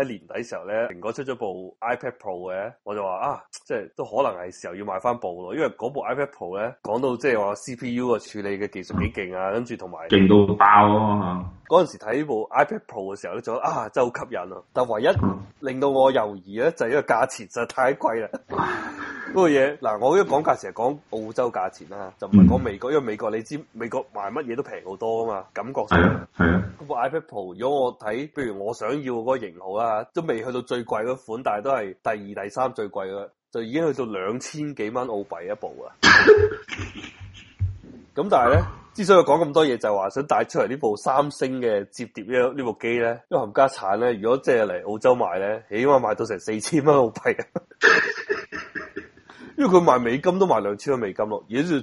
喺年底嘅時候咧，蘋果出咗部 iPad Pro 嘅，我就話啊，即係都可能係時候要買翻部咯，因為嗰部 iPad Pro 咧，講到即係話 CPU 啊處理嘅技術幾勁啊，跟住同埋勁到爆咯。嗰陣時睇呢部 iPad Pro 嘅時候咧，就啊真係好吸引啊，但唯一令到我猶豫咧，就係呢個價錢實在太貴啦。 嗰個嘢嗱，我因為講價成日講澳洲價錢啦，就唔係講美國，嗯、因為美國你知美國賣乜嘢都平好多啊嘛，感覺上。啊嗰、哎哎、部 iPad Pro，如果我睇，譬如我想要嗰個型號啦，都未去到最貴嗰款，但係都係第二、第三最貴嘅，就已經去到兩千幾蚊澳幣一部啊。咁 但係咧，之所以講咁多嘢，就係、是、話想帶出嚟呢部三星嘅摺疊呢呢部機咧，因為冚家產咧，如果即係嚟澳洲賣咧，起碼賣到成四千蚊澳幣啊！ 因為佢賣美金都賣兩千蚊美金咯，而家最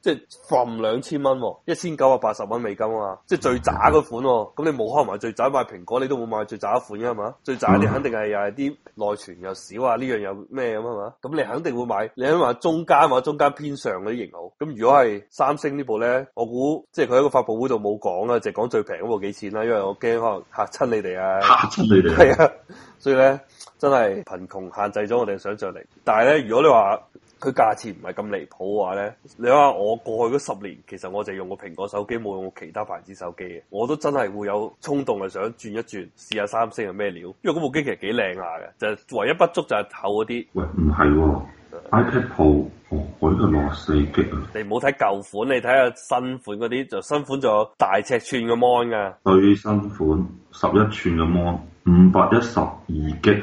即係份兩千蚊，一千九百八十蚊美金啊嘛，即係最渣嘅款。咁、嗯、你冇可能買最渣買蘋果，你都冇買最渣一款噶嘛？最渣啲肯定係又係啲內存又少啊，呢樣又咩咁啊嘛？咁你肯定會買，你喺話中間或者中間偏上嗰啲型號。咁如果係三星部呢部咧，我估即係佢喺個發佈會度冇講啦，就講最平嗰部幾錢啦、啊。因為我驚可能吓親你哋啊，吓親你哋係啊， 啊。所以咧，真係貧窮限制咗我哋嘅想象力。但係咧，如果你話，佢價錢唔係咁離譜嘅話咧，你睇下我過去嗰十年，其實我就用過蘋果手機，冇用過其他牌子手機嘅，我都真係會有衝動係想轉一轉，試下三星係咩料，因為嗰部機其實幾靚下嘅，就係、是、唯一不足就係厚嗰啲。喂，唔係喎，iPad Pro、哦、我呢個攞四激。你唔好睇舊款，你睇下新款嗰啲就新款就有大尺寸嘅 mon 噶。對於新款十一寸嘅 mon 五百一十二激。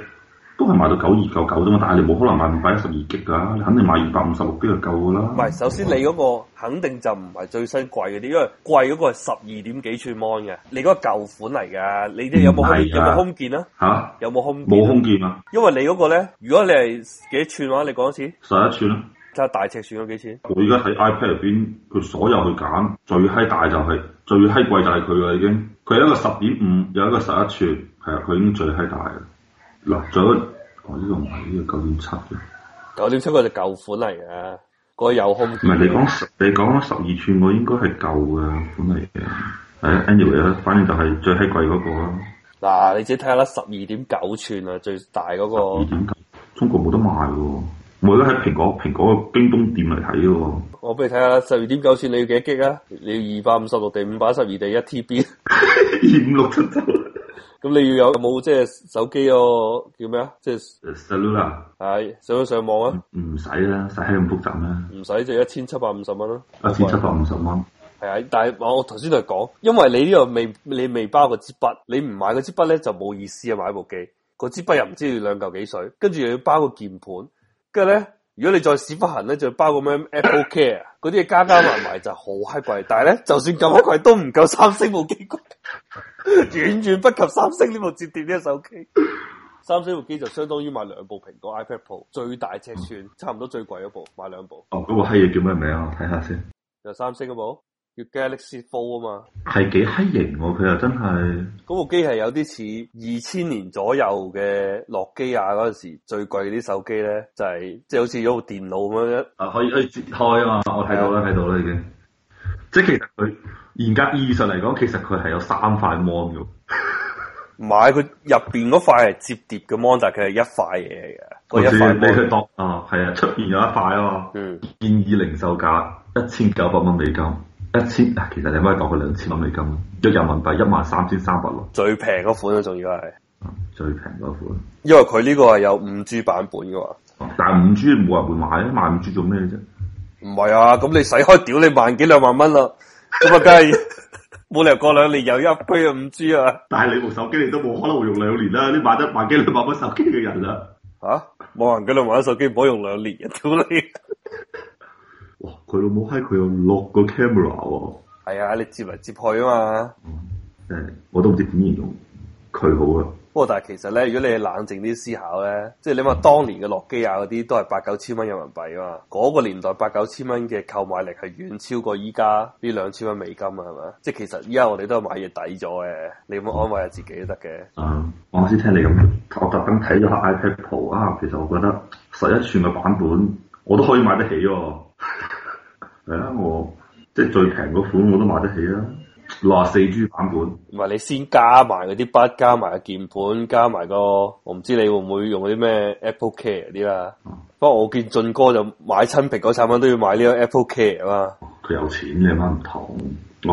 都係賣到九二九九啫嘛，但係你冇可能賣五百一十二 G 噶，你肯定賣二百五十六 G 就夠噶啦。唔係，首先你嗰個肯定就唔係最新貴嗰啲，因為貴嗰個係十二點幾寸 mon 嘅，你嗰個舊款嚟噶，你啲有冇有冇空鍵啊？吓，有冇空鍵？冇空鍵啊！有有啊，因為你嗰個咧，如果你係幾寸嘅話，啊，你講次十一寸咯，啊，就大尺寸咗幾錢？我而家喺 iPad 入邊，佢所有去揀最閪大就係，是，最閪貴就係佢啦，已經。佢係一個十點五，有一個十一寸，係啊，佢已經最閪大啦。落咗，我呢個唔係呢個九點七嘅，九點七嗰隻舊款嚟嘅，嗰個有空。唔係你講十，你講十二寸我應該係舊嘅款嚟嘅，係 anyway 啦，反正就係最希貴嗰個啦。嗱、啊，你自己睇下啦，十二點九寸啊，最大嗰、嗰個。十二點九，中國冇得賣喎，每個蘋蘋冰冰我而家喺蘋果蘋果嘅京東店嚟睇咯。我俾你睇下，十二點九寸你要幾多 G 啊？你要二百五十六定五百一十二定一 TB？二五六都咁你要有冇即係手機哦、啊？叫咩啊？即係。cellular 係上唔上網啊？唔使啦，使咁複雜咩？唔使就一千七百五十蚊咯。一千七百五十蚊係啊，但係我我頭先就講，因為你呢度未你未包個支筆，你唔買個支筆咧就冇意思啊！買部機個支筆又唔知要兩嚿幾水，跟住又要包個鍵盤，跟住咧。如果你再使不行咧，就包個咩 Apple Care，嗰啲嘢，加加埋埋就好閪貴。 但係咧，就算咁貴都唔夠三星部機貴，遠 遠不及三星呢部摺疊呢手機。機 三星部機就相當於買兩部蘋果 iPad Pro 最大尺寸， 差唔多最貴嗰部，買兩部。哦，嗰部閪嘢叫咩名啊？我睇下先。就三星嗰部。叫 Galaxy Fold，啊嘛，係幾閪型喎，佢又真係嗰部機係有啲似二千年左右嘅諾基亞嗰陣時最貴啲手機咧，就係即係好似一部電腦咁樣，啊可以可以折開啊嘛，對我睇到啦，睇到啦已經。即係其實佢嚴格意義上嚟講，其實佢係有三塊芒嘅。唔係，佢入邊嗰塊係摺疊嘅芒，但係佢係一塊嘢嚟嘅。我哋是你去當啊，係啊，出邊有一塊啊嘛。嗯，建議零售價一千九百蚊美金。 一千、啊、其實你可以博佢兩千蚊美金，即係人民幣一萬三千三百六，最平嗰款啊，仲要係最平嗰款，因為佢呢個係有五 G 版本噶嘛、嗯，但係五 G 冇人會買，買啊，買五 G 做咩啫？唔係啊，咁你使開屌你萬幾兩萬蚊啦，咁啊梗係冇理由過兩年又一杯五 G 啊！但係你部手機你都冇可能會用兩年啦，你買得萬幾兩萬蚊手機嘅人啊，吓冇人幾兩萬蚊手機冇用兩年屌你！ 哇！佢老母喺佢有六個 camera 喎、啊。係啊，你接嚟接去啊嘛。誒、嗯，我都唔知點形容佢好啊。不過但係其實咧，如果你冷靜啲思考咧，即係你話當年嘅諾基亞嗰啲都係八九千蚊人民幣啊嘛。嗰、嗰個年代八九千蚊嘅購買力係遠超過依家呢兩千蚊美金啊，係嘛？即係其實依家我哋都係買嘢抵咗嘅，你咁安慰下自己都得嘅。嗯，我先聽你咁講，我特登睇咗下 iPad Pro 啊，其實我覺得十一寸嘅版本我都可以買得起、哦。係啊，我即係最平嗰款我都買得起啊，六十四 G 版本。唔係你先加埋嗰啲筆，加埋個鍵盤，加埋、個，我唔知你會唔會用啲咩 Apple Care 啲啦。嗯、不過我見俊哥就買親蘋果產品都要買呢個 Apple Care 啊。佢有錢，嘅，有乜唔同？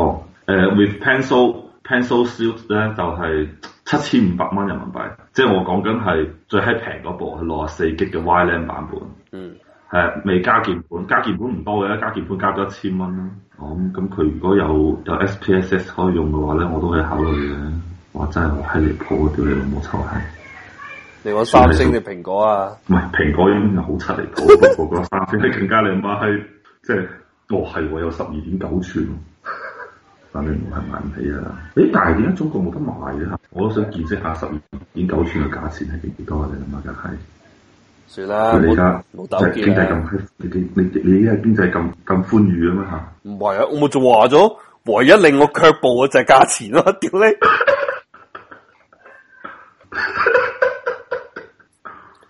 哦，誒、呃、，With pencil pencil suit 咧就係七千五百蚊人民幣，即係我講緊係最喺平嗰部，係六十四 G 嘅 Wi-Fi only 版本。嗯。誒、呃，未加鍵盤，加鍵盤唔多嘅，加鍵盤加咗一千蚊咯。哦、嗯，咁佢如果有有 S P S S 可以用嘅話咧，我都可以考慮嘅。哇，真係好犀利，破屌你老母臭閪。你講三星定蘋果啊？唔係蘋果已經好出嚟，破個三星，你更加你話係即係？哇，係我有十二點九寸，反正我係買唔起啦。誒，但係點解中國冇得賣咧？我都想見識下十二點九寸嘅價錢係幾多嘅，你諗下架係。算啦，老豆的，即係沒經濟咁、啊，你啲你你依家經濟咁咁寬裕啊？嘛？吓？唔係啊，我咪仲話咗，唯一令我卻步嘅就係價錢咯，屌你！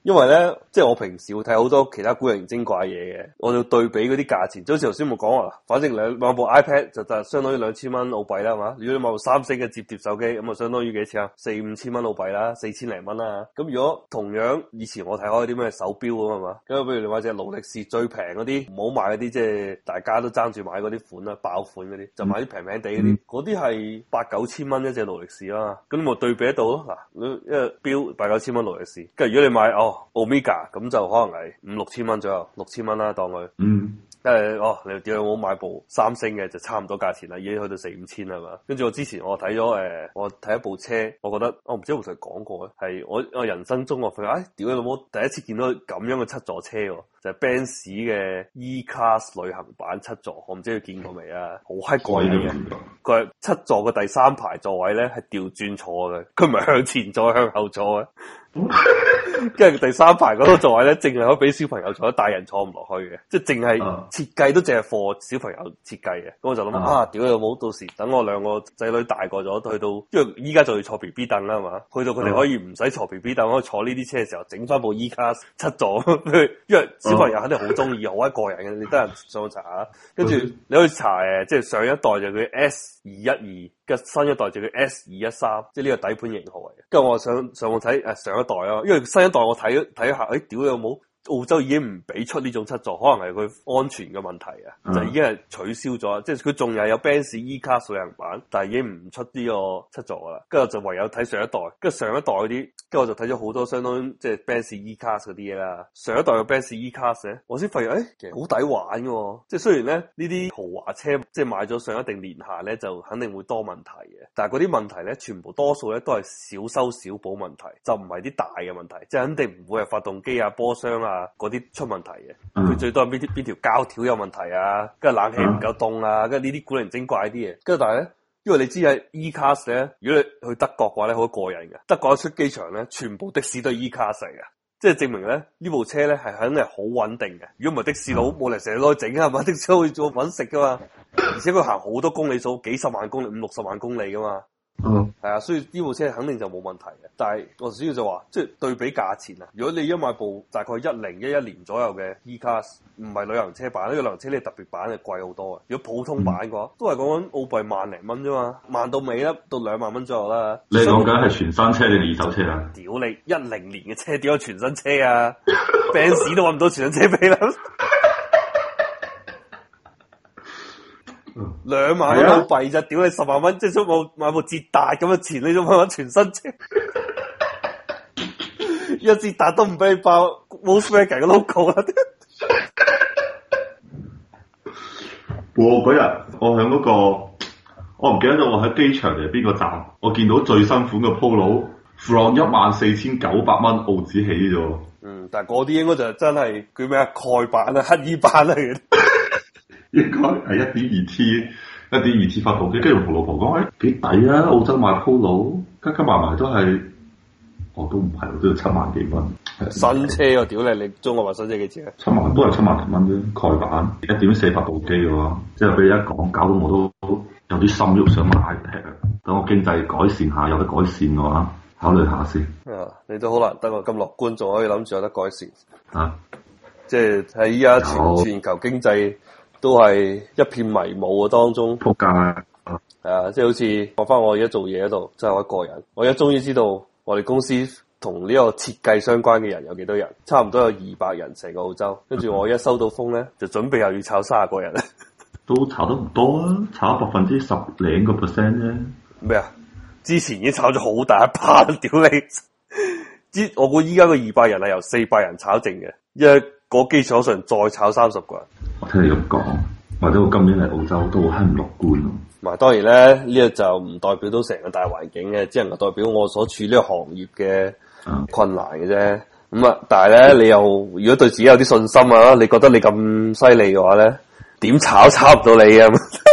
因為咧。即係我平時會睇好多其他古靈精怪嘢嘅，我就對比嗰啲價錢。就好似頭先冇講話，反正兩買部 iPad 就就相當於兩千蚊澳幣啦，係嘛？如果你買部三星嘅摺疊手機，咁啊相當於幾 4, 5, 4, 多錢啊？四五千蚊澳幣啦，四千零蚊啦。咁如果同樣以前我睇開啲咩手錶咁係嘛？咁比如你買隻勞力士最平嗰啲，唔好買嗰啲即係大家都爭住買嗰啲款啦，爆款嗰啲，就買啲平平地嗰啲。嗰啲係八九千蚊一隻勞力士啦。咁你咪對比得到咯嗱，一個錶八九千蚊勞力士，跟住如果你買哦歐米茄。Omega。咁就可能係五六千蚊左右，六千蚊啦，當佢。嗯。誒，哦，你又屌我買部三星嘅就差唔多價錢啦，已經去到四五千啦嘛。跟住我之前我睇咗誒，我睇一部車，我覺得、哦、是是我唔知有冇同你講過咧，係我我人生中我發覺誒，屌、哎、你老母，第一次見到咁樣嘅七座車喎，就是、Benz 嘅 E-Class 旅行版七座，我唔知你見過未啊，好閪貴嘅。佢、嗯、七座嘅第三排座位咧係調轉坐嘅，佢唔係向前坐，向後坐嘅。嗯 跟住第三排嗰度座位咧，淨係可以俾小朋友坐，大人坐唔落去嘅，即係淨係設計都淨係貨小朋友設計嘅。咁我就諗 啊，屌有冇，到時等我兩個仔女大個咗，去到因為依家就要坐，BB，B B 凳啦嘛，去到佢哋可以唔使坐 B B 凳，可以坐呢啲車嘅時候，整翻部 E Class 七座，因為小朋友肯定好中意， 好一個人嘅。你得閒上去查下，跟住你去查誒，即係上一代就佢 S。二一二嘅新一代就叫 S 二一三，即係呢個底盤型號嚟嘅。咁我上上網睇，誒上一代啊，因為新一代我睇睇下，誒屌有冇？澳洲已經唔俾出呢種七座，可能係佢安全嘅問題啊，嗯、就已經係取消咗。即係佢仲係有 Benz E Class 數人版，但係已經唔出呢個七座啦。跟住就唯有睇上一代，跟住上一代嗰啲，跟住我就睇咗好多相當於即係 Benz E Class 嗰啲嘢啦。上一代嘅 Benz E Class 咧，我先發現，誒其實好抵玩㗎，即係雖然咧呢啲豪華車，即係買咗上一定年下咧，就肯定會多問題嘅。但係嗰啲問題咧，全部多數咧都係小修小補問題，就唔係啲大嘅問題，即係肯定唔會係發動機啊、波箱啊。啊！嗰啲出問題嘅，佢最多係邊啲邊條膠條有問題啊，跟住冷氣唔夠凍啊，跟住呢啲古靈精怪啲嘢。跟住但係咧，因為你知係 E-Class 咧，如果你去德國嘅話咧，好過癮嘅。德國一出機場咧，全部的士都係 E-Class 嚟嘅，即係證明咧呢部車咧係肯定好穩定嘅。如果唔係的士佬冇嚟成日攞去整啊嘛，的士佬去做揾食噶嘛，而且佢行好多公里數，幾十萬公里、五六十萬公里噶嘛。嗯，係啊、mm hmm.，所以呢部車肯定就冇問題嘅。但係我主要就話，即係對比價錢啊。如果你一買一部大概一零一一年左右嘅 E Class 唔係旅行車版，呢個旅行車你特別版係貴好多啊。如果普通版嘅話，都係講緊澳幣萬零蚊啫嘛，萬到尾啦，到兩萬蚊左右啦。你講緊係全新車定二手車啊？屌你一零年嘅車，點有全新車啊？Benz 都揾唔到全新車俾你。兩萬塊就屌你十萬蚊即係出部買部捷達咁嘅錢？呢種款款全新車， 一捷達都唔俾包，冇雙吉嘅 logo 啦。 我嗰日我喺嗰個，我唔記得咗我喺機場定係邊個站，我見到最新款嘅 Polo，from 一萬四千九百蚊澳紙起啫。嗯，但係嗰啲應該就真係叫咩啊？丐版啊，乞衣板嚟。嗰應該係一點二 T，一點二 T 發動機，跟住同老婆講：喂、哎，幾抵啊！澳洲買 Polo，加加埋埋都係，我都唔係，都要七萬幾蚊。新車啊，屌你！你中國買新車幾錢啊？七萬都係七萬零蚊啫，蓋板一點四發動機嘅，即係俾你一講，搞到我都有啲心喐想買。等我經濟改善下，有得改善嘅話，考慮下先。啊，你都好難得我咁樂觀，仲可以諗住有得改善。啊，即係喺依家全全球有經濟。都係一片迷霧嘅當中，撲街啊！係、就、啊、是，即係好似講翻我而家做嘢嗰度，真係我一個人。我而家終於知道我哋公司同呢個設計相關嘅人有幾多人，差唔多有二百人成個澳洲。跟住我一收到風咧，就準備又要炒卅個人。都炒得唔多啊，炒百分之十零個 percent 啫。咩啊？之前已經炒咗好大一趴，屌你！之我估依家個二百人係由四百人炒剩嘅，一個基礎上再炒三十個人。我聽你咁講，或者我今年嚟澳洲都好唔樂觀咯。咪當然咧，呢個就唔代表到成個大環境嘅，只能夠代表我所處呢個行業嘅困難嘅啫。咁啊、嗯，但係咧，你又如果對自己有啲信心啊，你覺得你咁犀利嘅話咧，點炒都炒唔到你啊！